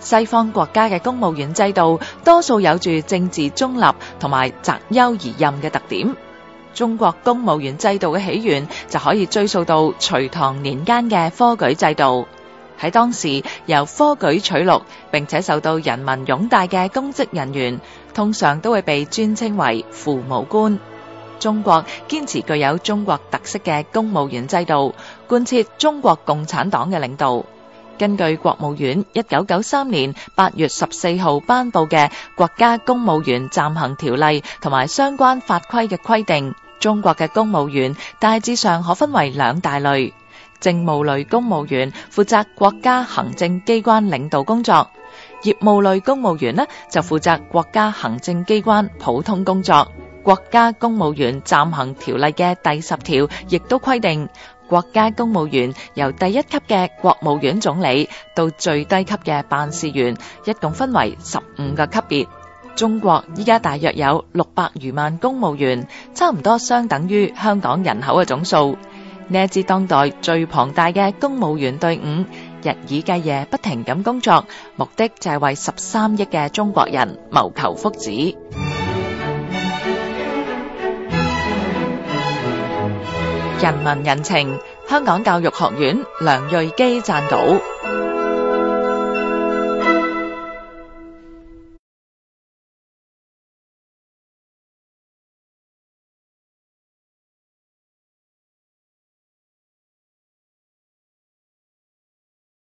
西方國家嘅公務員制度，多數有住政治中立同埋擇優而任嘅特點。中國公務員制度嘅起源就可以追溯到隋唐年間嘅科舉制度。喺當時，由科舉取錄並且受到人民擁戴嘅公職人員，通常都會被尊稱為父母官。中國堅持具有中國特色嘅公務員制度，貫徹中國共產黨嘅領導。根據國務院一九九三年八月十四號頒布嘅《國家公務員暫行條例》同埋相關法規嘅規定，中國嘅公務員大致上可分為兩大類：政務類公務員負責國家行政機關領導工作，業務類公務員呢，就負責國家行政機關普通工作。《國家公務員暫行條例》嘅第十條亦都規定。國家公務員由第一級嘅國務院總理到最低級嘅辦事員，一共分為十五個級別。中國依家大約有六百餘萬公務員，差唔多相等於香港人口嘅總數。呢一支當代最龐大嘅公務員隊伍，日以繼夜不停咁工作，目的就係為十三億嘅中國人謀求福祉。人民人情，香港教育學院梁瑞基撰稿。